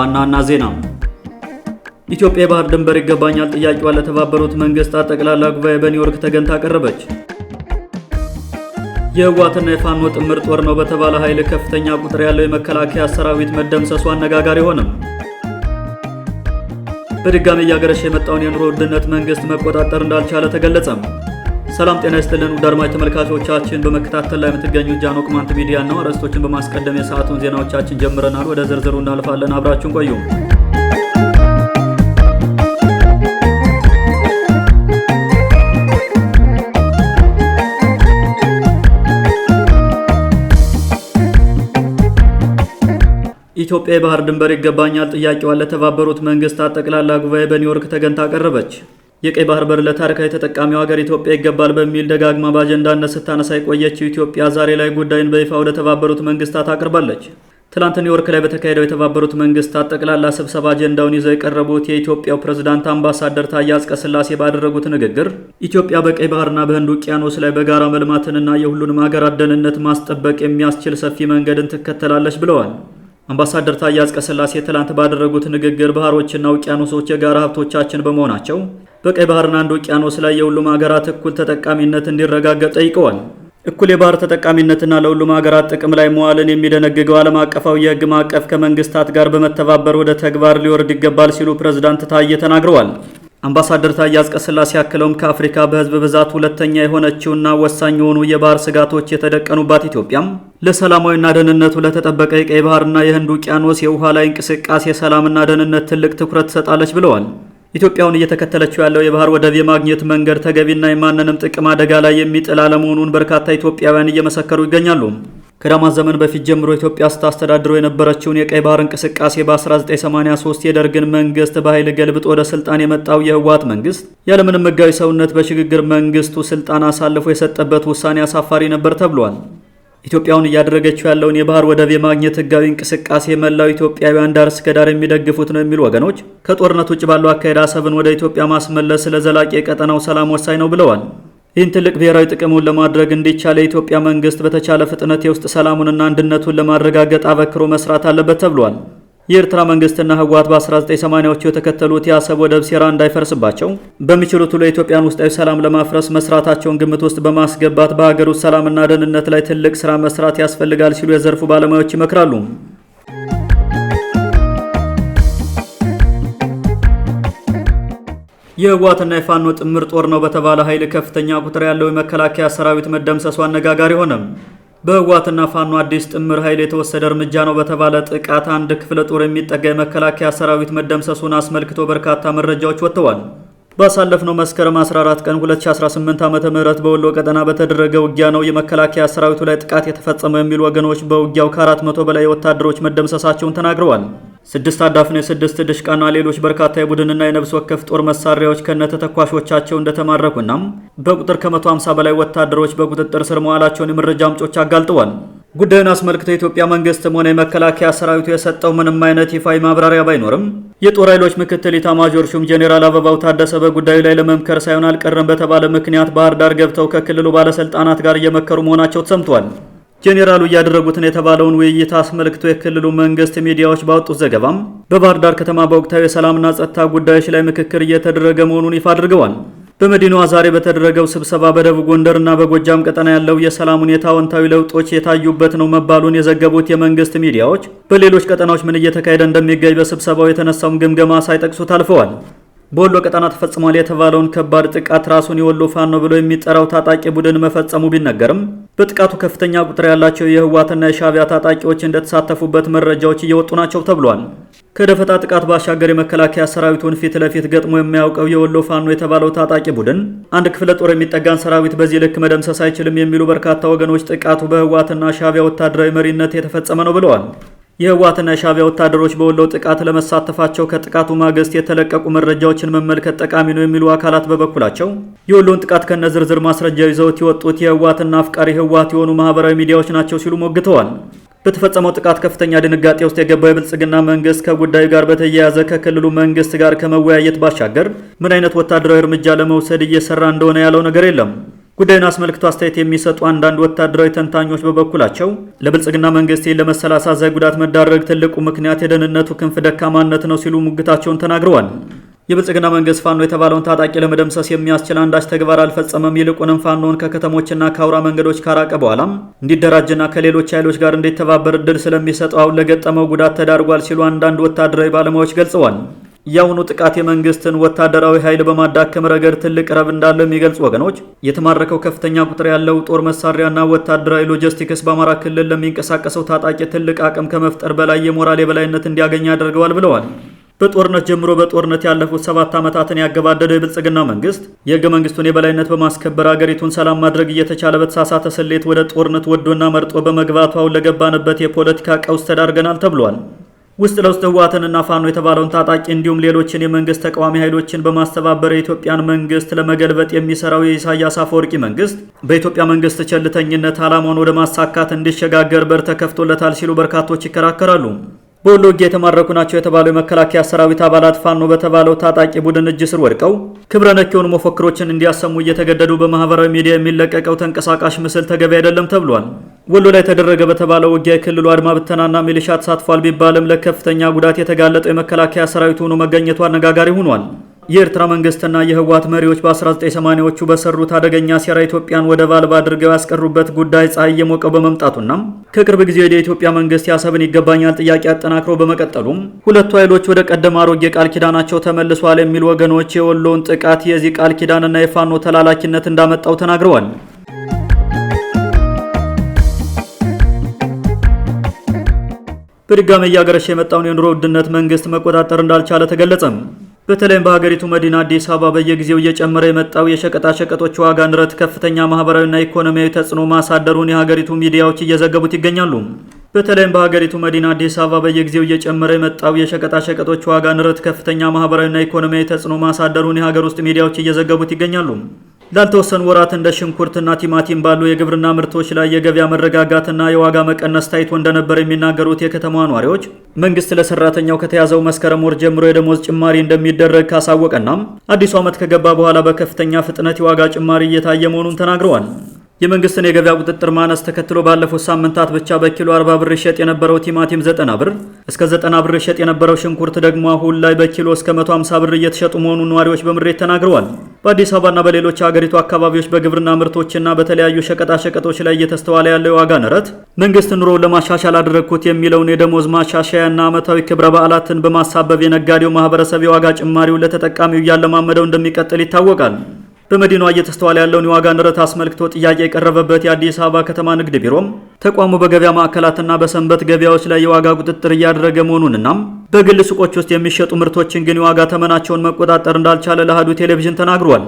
ዋና ዋና ዜና ኢትዮጵያ የባህር ድንበር ይገባኛል ጥያቄዋ ለተባበሩት መንግስታት ጠቅላላ ጉባኤ በኒውዮርክ ተገንታ አቀረበች። የህወሓትና የፋኖ ጥምር ጦር ነው በተባለ ኃይል ከፍተኛ ቁጥር ያለው የመከላከያ ሰራዊት መደምሰሱ አነጋጋሪ ሆነም። በድጋሚ እያገረሸ የመጣውን የኑሮ ውድነት መንግስት መቆጣጠር እንዳልቻለ ተገለጸም። ሰላም ጤና ይስጥልን ውድ አድማጭ ተመልካቾቻችን፣ በመከታተል ላይ የምትገኙት ጃኖ ቅማንት ሚዲያ ነው። ርዕሶችን በማስቀደም የሰዓቱን ዜናዎቻችን ጀምረናል። ወደ ዝርዝሩ እናልፋለን። አብራችሁን ቆዩ። ኢትዮጵያ የባህር ድንበር ይገባኛል ጥያቄዋን ለተባበሩት መንግስታት ጠቅላላ ጉባኤ በኒውዮርክ ተገንታ አቀረበች። የቀይ ባህር በር ለታሪካዊ ተጠቃሚው ሀገር ኢትዮጵያ ይገባል በሚል ደጋግማ በአጀንዳነት ስታነሳ የቆየችው ኢትዮጵያ ዛሬ ላይ ጉዳዩን በይፋ ወደ ተባበሩት መንግስታት አቅርባለች። ትላንት ኒውዮርክ ላይ በተካሄደው የተባበሩት መንግስታት ጠቅላላ ስብሰባ አጀንዳውን ይዘው የቀረቡት የኢትዮጵያው ፕሬዝዳንት አምባሳደር ታዬ አጽቀሥላሴ ባደረጉት ንግግር ኢትዮጵያ በቀይ ባህርና በህንድ ውቅያኖስ ላይ በጋራ መልማትንና የሁሉንም ሀገራት ደህንነት ማስጠበቅ የሚያስችል ሰፊ መንገድን ትከተላለች ብለዋል። አምባሳደር ታዬ አጽቀሥላሴ ትላንት ባደረጉት ንግግር ባህሮችና ውቅያኖሶች የጋራ ሀብቶቻችን በመሆናቸው በቀይ ባህርና አንድ ውቅያኖስ ላይ የሁሉም ሀገራት እኩል ተጠቃሚነት እንዲረጋገጥ ጠይቀዋል። እኩል የባህር ተጠቃሚነትና ለሁሉም ሀገራት ጥቅም ላይ መዋልን የሚደነግገው ዓለም አቀፋዊ የሕግ ማዕቀፍ ከመንግስታት ጋር በመተባበር ወደ ተግባር ሊወርድ ይገባል ሲሉ ፕሬዝዳንት ታዬ ተናግረዋል። አምባሳደር ታዬ አጽቀሥላሴ ያክለውም ከአፍሪካ በህዝብ ብዛት ሁለተኛ የሆነችውና ወሳኝ የሆኑ የባህር ስጋቶች የተደቀኑባት ኢትዮጵያም ለሰላማዊና ደህንነቱ ለተጠበቀ የቀይ ባህርና የህንድ ውቅያኖስ የውሃ ላይ እንቅስቃሴ ሰላምና ደህንነት ትልቅ ትኩረት ትሰጣለች ብለዋል። ኢትዮጵያውን እየተከተለችው ያለው የባህር ወደብ የማግኘት መንገድ ተገቢና የማንንም ጥቅም አደጋ ላይ የሚጥል አለመሆኑን በርካታ ኢትዮጵያውያን እየመሰከሩ ይገኛሉ። ከዳማት ዘመን በፊት ጀምሮ ኢትዮጵያ ስታስተዳድረው የነበረችውን የቀይ ባህር እንቅስቃሴ በ1983 የደርግን መንግስት በኃይል ገልብጦ ወደ ስልጣን የመጣው የህወሓት መንግስት ያለምንም ህጋዊ ሰውነት በሽግግር መንግስቱ ስልጣን አሳልፎ የሰጠበት ውሳኔ አሳፋሪ ነበር ተብሏል። ኢትዮጵያውን እያደረገችው ያለውን የባህር ወደብ የማግኘት ህጋዊ እንቅስቃሴ መላው ኢትዮጵያውያን ዳር እስከ ዳር የሚደግፉት ነው የሚሉ ወገኖች ከጦርነት ውጭ ባለው አካሄድ አሰብን ወደ ኢትዮጵያ ማስመለስ ለዘላቂ የቀጠናው ሰላም ወሳኝ ነው ብለዋል። ይህን ትልቅ ብሔራዊ ጥቅሙን ለማድረግ እንዲቻል የኢትዮጵያ መንግስት በተቻለ ፍጥነት የውስጥ ሰላሙንና አንድነቱን ለማረጋገጥ አበክሮ መስራት አለበት ተብሏል። የኤርትራ መንግስትና ህወሓት በ1980ዎቹ የተከተሉት የአሰብ ወደብ ሴራ እንዳይፈርስባቸው በሚችሉት ሁሉ የኢትዮጵያን ውስጣዊ ሰላም ለማፍረስ መስራታቸውን ግምት ውስጥ በማስገባት በሀገር ውስጥ ሰላምና ደህንነት ላይ ትልቅ ስራ መስራት ያስፈልጋል ሲሉ የዘርፉ ባለሙያዎች ይመክራሉ። የህወሓትና የፋኖ ጥምር ጦር ነው በተባለ ኃይል ከፍተኛ ቁጥር ያለው የመከላከያ ሰራዊት መደምሰሱ አነጋጋሪ ሆነም። በህወሓትና ፋኖ አዲስ ጥምር ኃይል የተወሰደ እርምጃ ነው በተባለ ጥቃት አንድ ክፍለ ጦር የሚጠጋ የመከላከያ ሰራዊት መደምሰሱን አስመልክቶ በርካታ መረጃዎች ወጥተዋል። ባሳለፍነው መስከረም 14 ቀን 2018 ዓ.ም በወሎ ቀጠና በተደረገ ውጊያ ነው የመከላከያ ሰራዊቱ ላይ ጥቃት የተፈጸመው የሚሉ ወገኖች በውጊያው ከ400 በላይ ወታደሮች መደምሰሳቸውን ተናግረዋል። ስድስት አዳፍነ ስድስት ድሽቃና ሌሎች በርካታ የቡድንና የነብስ ወከፍ ጦር መሳሪያዎች ከነተተኳሾቻቸው እንደተማረኩና በቁጥር ከ150 በላይ ወታደሮች በቁጥጥር ስር መዋላቸውን የመረጃ ምንጮች አጋልጠዋል። ጉዳዩን አስመልክቶ የኢትዮጵያ መንግስትም ሆነ የመከላከያ ሰራዊቱ የሰጠው ምንም አይነት ይፋዊ ማብራሪያ ባይኖርም የጦር ኃይሎች ምክትል ኢታማዦር ሹም ጄኔራል አበባው ታደሰ በጉዳዩ ላይ ለመምከር ሳይሆን አልቀረም በተባለ ምክንያት ባህር ዳር ገብተው ከክልሉ ባለስልጣናት ጋር እየመከሩ መሆናቸው ተሰምቷል። ጄኔራሉ እያደረጉትን የተባለውን ውይይት አስመልክቶ የክልሉ መንግስት ሚዲያዎች ባወጡት ዘገባም በባህር ዳር ከተማ በወቅታዊ የሰላምና ጸጥታ ጉዳዮች ላይ ምክክር እየተደረገ መሆኑን ይፋ አድርገዋል። በመዲናዋ ዛሬ በተደረገው ስብሰባ በደቡብ ጎንደርና በጎጃም ቀጠና ያለው የሰላም ሁኔታ አዎንታዊ ለውጦች የታዩበት ነው መባሉን የዘገቡት የመንግስት ሚዲያዎች በሌሎች ቀጠናዎች ምን እየተካሄደ እንደሚገኝ በስብሰባው የተነሳውን ግምገማ ሳይጠቅሱት አልፈዋል። በወሎ ቀጠና ተፈጽሟል የተባለውን ከባድ ጥቃት ራሱን የወሎ ፋኖ ብሎ የሚጠራው ታጣቂ ቡድን መፈጸሙ ቢነገርም በጥቃቱ ከፍተኛ ቁጥር ያላቸው የህወሓትና የሻቢያ ታጣቂዎች እንደተሳተፉበት መረጃዎች እየወጡ ናቸው ተብሏል። ከደፈጣ ጥቃት ባሻገር የመከላከያ ሰራዊቱን ፊት ለፊት ገጥሞ የሚያውቀው የወሎ ፋኖ የተባለው ታጣቂ ቡድን አንድ ክፍለ ጦር የሚጠጋን ሰራዊት በዚህ ልክ መደምሰስ አይችልም የሚሉ በርካታ ወገኖች ጥቃቱ በህወሓትና ሻቢያ ወታደራዊ መሪነት የተፈጸመ ነው ብለዋል። የህወሓትና የሻቢያ ወታደሮች በወሎ ጥቃት ለመሳተፋቸው ከጥቃቱ ማግስት የተለቀቁ መረጃዎችን መመልከት ጠቃሚ ነው የሚሉ አካላት በበኩላቸው የወሎን ጥቃት ከነ ዝርዝር ማስረጃ ይዘውት የወጡት የህወሓትና አፍቃሪ ህወሓት የሆኑ ማህበራዊ ሚዲያዎች ናቸው ሲሉ ሞግተዋል። በተፈጸመው ጥቃት ከፍተኛ ድንጋጤ ውስጥ የገባው የብልጽግና መንግስት ከጉዳዩ ጋር በተያያዘ ከክልሉ መንግስት ጋር ከመወያየት ባሻገር ምን አይነት ወታደራዊ እርምጃ ለመውሰድ እየሰራ እንደሆነ ያለው ነገር የለም። ጉዳዩን አስመልክቶ አስተያየት የሚሰጡ አንዳንድ ወታደራዊ ተንታኞች በበኩላቸው ለብልጽግና መንግስት ለመሰል አሳዛኝ ጉዳት መዳረግ ትልቁ ምክንያት የደህንነቱ ክንፍ ደካማነት ነው ሲሉ ሙግታቸውን ተናግረዋል። የብልጽግና መንግስት ፋኖ የተባለውን ታጣቂ ለመደምሰስ የሚያስችል አንዳች ተግባር አልፈጸመም። ይልቁንም ፋኖን ከከተሞችና ከአውራ መንገዶች ካራቀ በኋላም እንዲደራጅና ከሌሎች ኃይሎች ጋር እንዲተባበር እድል ስለሚሰጠው አሁን ለገጠመው ጉዳት ተዳርጓል ሲሉ አንዳንድ ወታደራዊ ባለሙያዎች ገልጸዋል። የአሁኑ ጥቃት የመንግስትን ወታደራዊ ኃይል በማዳከም ረገድ ትልቅ ረብ እንዳለው የሚገልጹ ወገኖች የተማረከው ከፍተኛ ቁጥር ያለው ጦር መሳሪያና ወታደራዊ ሎጂስቲክስ በአማራ ክልል ለሚንቀሳቀሰው ታጣቂ ትልቅ አቅም ከመፍጠር በላይ የሞራል የበላይነት እንዲያገኝ ያደርገዋል ብለዋል። በጦርነት ጀምሮ በጦርነት ያለፉት ሰባት ዓመታትን ያገባደደው የብልጽግናው መንግስት የህገ መንግስቱን የበላይነት በማስከበር አገሪቱን ሰላም ማድረግ እየተቻለ በተሳሳተ ስሌት ወደ ጦርነት ወዶና መርጦ በመግባቱ አሁን ለገባንበት የፖለቲካ ቀውስ ተዳርገናል ተብሏል። ውስጥ ለውስጥ ህወሓትንና ፋኖ የተባለውን ታጣቂ እንዲሁም ሌሎችን የመንግስት ተቃዋሚ ኃይሎችን በማስተባበር የኢትዮጵያን መንግስት ለመገልበጥ የሚሰራው የኢሳያስ አፈወርቂ መንግስት በኢትዮጵያ መንግስት ቸልተኝነት አላማውን ወደ ማሳካት እንዲሸጋገር በር ተከፍቶለታል ሲሉ በርካቶች ይከራከራሉ። በወሎ ውጊያ የተማረኩ ናቸው የተባለው የመከላከያ ሰራዊት አባላት ፋኖ በተባለው ታጣቂ ቡድን እጅ ስር ወድቀው ክብረ ነክ የሆኑ መፈክሮችን እንዲያሰሙ እየተገደዱ በማህበራዊ ሚዲያ የሚለቀቀው ተንቀሳቃሽ ምስል ተገቢ አይደለም ተብሏል። ወሎ ላይ ተደረገ በተባለው ውጊያ የክልሉ አድማ ብተናና ሚሊሻ ተሳትፏል ቢባልም ለከፍተኛ ጉዳት የተጋለጠው የመከላከያ ሰራዊት ሆኖ መገኘቱ አነጋጋሪ ሆኗል። የኤርትራ መንግስትና የህወሓት መሪዎች በ1980ዎቹ በሰሩት አደገኛ ሴራ ኢትዮጵያን ወደብ አልባ አድርገው ያስቀሩበት ጉዳይ ፀሐይ እየሞቀው በመምጣቱና ከቅርብ ጊዜ ወደ ኢትዮጵያ መንግስት ያሰብን ይገባኛል ጥያቄ አጠናክሮ በመቀጠሉም ሁለቱ ኃይሎች ወደ ቀደመ አሮጌ ቃል ኪዳናቸው ተመልሷል የሚሉ ወገኖች የወሎውን ጥቃት የዚህ ቃል ኪዳንና የፋኖ ተላላኪነት እንዳመጣው ተናግረዋል። በድጋሚ እያገረሸ የመጣውን የኑሮ ውድነት መንግስት መቆጣጠር እንዳልቻለ ተገለጸም። በተለይም በሀገሪቱ መዲና አዲስ አበባ በየጊዜው እየጨመረ የመጣው የሸቀጣሸቀጦች ዋጋ ንረት ከፍተኛ ማህበራዊና ኢኮኖሚያዊ ተጽዕኖ ማሳደሩን የሀገሪቱ ሚዲያዎች እየዘገቡት ይገኛሉ። በተለይም በሀገሪቱ መዲና አዲስ አበባ በየጊዜው እየጨመረ የመጣው የሸቀጣሸቀጦች ዋጋ ንረት ከፍተኛ ማህበራዊና ኢኮኖሚያዊ ተጽዕኖ ማሳደሩን የሀገር ውስጥ ሚዲያዎች እየዘገቡት ይገኛሉ። ላልተወሰኑ ወራት እንደ ሽንኩርትና ቲማቲም ባሉ የግብርና ምርቶች ላይ የገበያ መረጋጋትና የዋጋ መቀነስ ታይቶ እንደነበር የሚናገሩት የከተማዋ ነዋሪዎች መንግስት ለሰራተኛው ከተያዘው መስከረም ወር ጀምሮ የደሞዝ ጭማሪ እንደሚደረግ ካሳወቀናም አዲሱ ዓመት ከገባ በኋላ በከፍተኛ ፍጥነት የዋጋ ጭማሪ እየታየ መሆኑን ተናግረዋል። የመንግስትን የገበያ ቁጥጥር ማነስ ተከትሎ ባለፉት ሳምንታት ብቻ በኪሎ 40 ብር ይሸጥ የነበረው ቲማቲም 90 ብር እስከ 90 ብር ይሸጥ የነበረው ሽንኩርት ደግሞ አሁን ላይ በኪሎ እስከ 150 ብር እየተሸጡ መሆኑን ነዋሪዎች በምሬት ተናግረዋል። በአዲስ አበባና በሌሎች የሀገሪቱ አካባቢዎች በግብርና ምርቶችና በተለያዩ ሸቀጣሸቀጦች ላይ እየተስተዋለ ያለው የዋጋ ንረት መንግስት ኑሮውን ለማሻሻል አደረግኩት የሚለውን የደሞዝ ማሻሻያና ዓመታዊ ክብረ በዓላትን በማሳበብ የነጋዴው ማህበረሰብ የዋጋ ጭማሪውን ለተጠቃሚው እያለማመደው እንደሚቀጥል ይታወቃል። በመዲናዋ እየተስተዋለ ያለውን የዋጋ ንረት አስመልክቶ ጥያቄ የቀረበበት የአዲስ አበባ ከተማ ንግድ ቢሮም ተቋሙ በገበያ ማዕከላትና በሰንበት ገበያዎች ላይ የዋጋ ቁጥጥር እያደረገ መሆኑንና በግል ሱቆች ውስጥ የሚሸጡ ምርቶችን ግን የዋጋ ተመናቸውን መቆጣጠር እንዳልቻለ ለአህዱ ቴሌቪዥን ተናግሯል።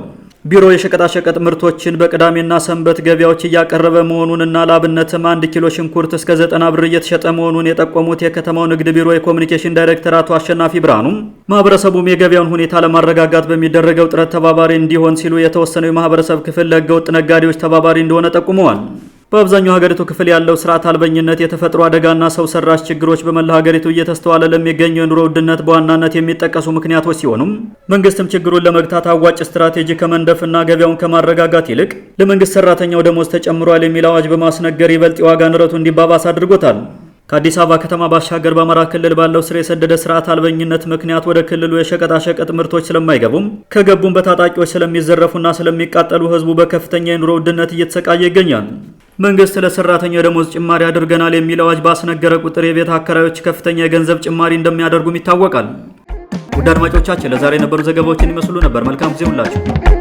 ቢሮ የሸቀጣሸቀጥ ምርቶችን በቅዳሜና ሰንበት ገበያዎች እያቀረበ መሆኑንና ላብነትም አንድ ኪሎ ሽንኩርት እስከ ዘጠና ብር እየተሸጠ መሆኑን የጠቆሙት የከተማው ንግድ ቢሮ የኮሚኒኬሽን ዳይሬክተር አቶ አሸናፊ ብርሃኑም ማህበረሰቡም የገበያውን ሁኔታ ለማረጋጋት በሚደረገው ጥረት ተባባሪ እንዲሆን ሲሉ የተወሰነው የማህበረሰብ ክፍል ለህገወጥ ነጋዴዎች ተባባሪ እንደሆነ ጠቁመዋል። በአብዛኛው ሀገሪቱ ክፍል ያለው ስርዓት አልበኝነት፣ የተፈጥሮ አደጋና ሰው ሰራሽ ችግሮች በመላ ሀገሪቱ እየተስተዋለ ለሚገኘው የኑሮ ውድነት በዋናነት የሚጠቀሱ ምክንያቶች ሲሆኑም መንግስትም ችግሩን ለመግታት አዋጭ ስትራቴጂ ከመንደፍና ገበያውን ከማረጋጋት ይልቅ ለመንግስት ሰራተኛው ደሞዝ ተጨምሯል የሚል አዋጅ በማስነገር ይበልጥ የዋጋ ንረቱ እንዲባባስ አድርጎታል። ከአዲስ አበባ ከተማ ባሻገር በአማራ ክልል ባለው ስር የሰደደ ስርዓት አልበኝነት ምክንያት ወደ ክልሉ የሸቀጣሸቀጥ ምርቶች ስለማይገቡም ከገቡም በታጣቂዎች ስለሚዘረፉና ስለሚቃጠሉ ህዝቡ በከፍተኛ የኑሮ ውድነት እየተሰቃየ ይገኛል። መንግስት ለሰራተኛ ደሞዝ ጭማሪ አድርገናል የሚለው አዋጅ ባስነገረ ቁጥር የቤት አከራዮች ከፍተኛ የገንዘብ ጭማሪ እንደሚያደርጉም ይታወቃል። ውድ አድማጮቻችን ለዛሬ የነበሩ ዘገባዎችን ይመስሉ ነበር። መልካም ጊዜ ሁላችሁ